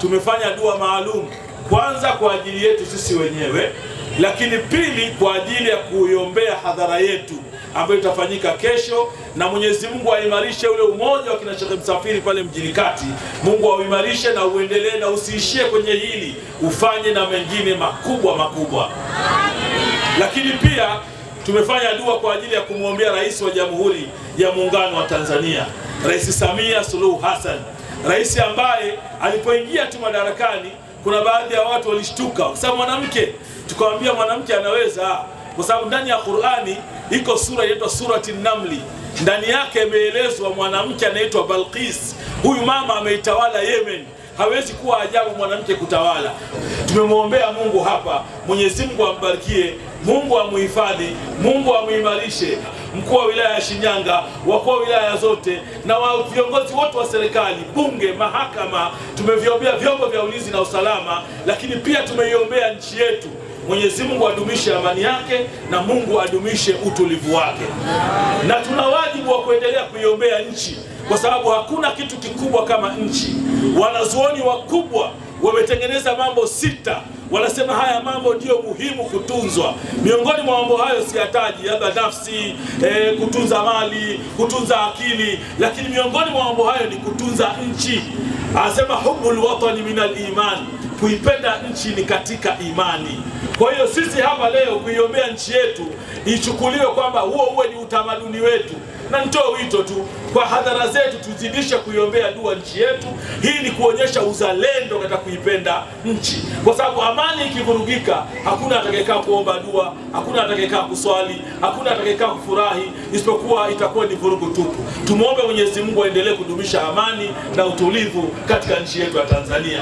tumefanya dua maalum, kwanza kwa ajili yetu sisi wenyewe, lakini pili kwa ajili ya kuiombea hadhara yetu ambayo itafanyika kesho, na Mwenyezi Mungu aimarishe ule umoja wa kina Sheikh Msafiri pale mjini kati. Mungu auimarishe na uendelee, na usiishie kwenye hili, ufanye na mengine makubwa makubwa. Lakini pia tumefanya dua kwa ajili ya kumwombea Rais wa Jamhuri ya Muungano wa Tanzania, Rais Samia Suluhu Hassan rais ambaye alipoingia tu madarakani, kuna baadhi ya watu walishtuka kwa sababu mwanamke, tukawaambia mwanamke anaweza, kwa sababu ndani ya Qur'ani iko sura inaitwa surati Namli, ndani yake imeelezwa mwanamke anaitwa Balqis. Huyu mama ameitawala Yemen. Hawezi kuwa ajabu mwanamke kutawala. Tumemwombea Mungu hapa, Mwenyezi Mungu ambarikie. Mungu amuhifadhi, Mungu amuimarishe mkuu wa wilaya ya Shinyanga, wakuu wa wilaya zote na viongozi wote wa serikali, bunge, mahakama. Tumeviombea vyombo vya ulinzi na usalama, lakini pia tumeiombea nchi yetu. Mwenyezi Mungu adumishe amani yake na Mungu adumishe utulivu wake, na tuna wajibu wa kuendelea kuiombea nchi, kwa sababu hakuna kitu kikubwa kama nchi. Wanazuoni wakubwa wametengeneza mambo sita wanasema haya mambo ndiyo muhimu kutunzwa. Miongoni mwa mambo hayo siyataji, labda nafsi e, kutunza mali, kutunza akili, lakini miongoni mwa mambo hayo ni kutunza nchi. Anasema hubbul watani min aliman, kuipenda nchi ni katika imani. Kwa hiyo sisi hapa leo kuiombea nchi yetu ichukuliwe kwamba huo uwe ni utamaduni wetu na nitoe wito tu kwa hadhara zetu, tuzidishe kuiombea dua nchi yetu. Hii ni kuonyesha uzalendo katika kuipenda nchi, kwa sababu amani ikivurugika, hakuna atakayekaa kuomba dua, hakuna atakayekaa kuswali, hakuna atakayekaa kufurahi, isipokuwa itakuwa ni vurugu tupu. Tumwombe Mwenyezi Mungu aendelee kudumisha amani na utulivu katika nchi yetu ya Tanzania.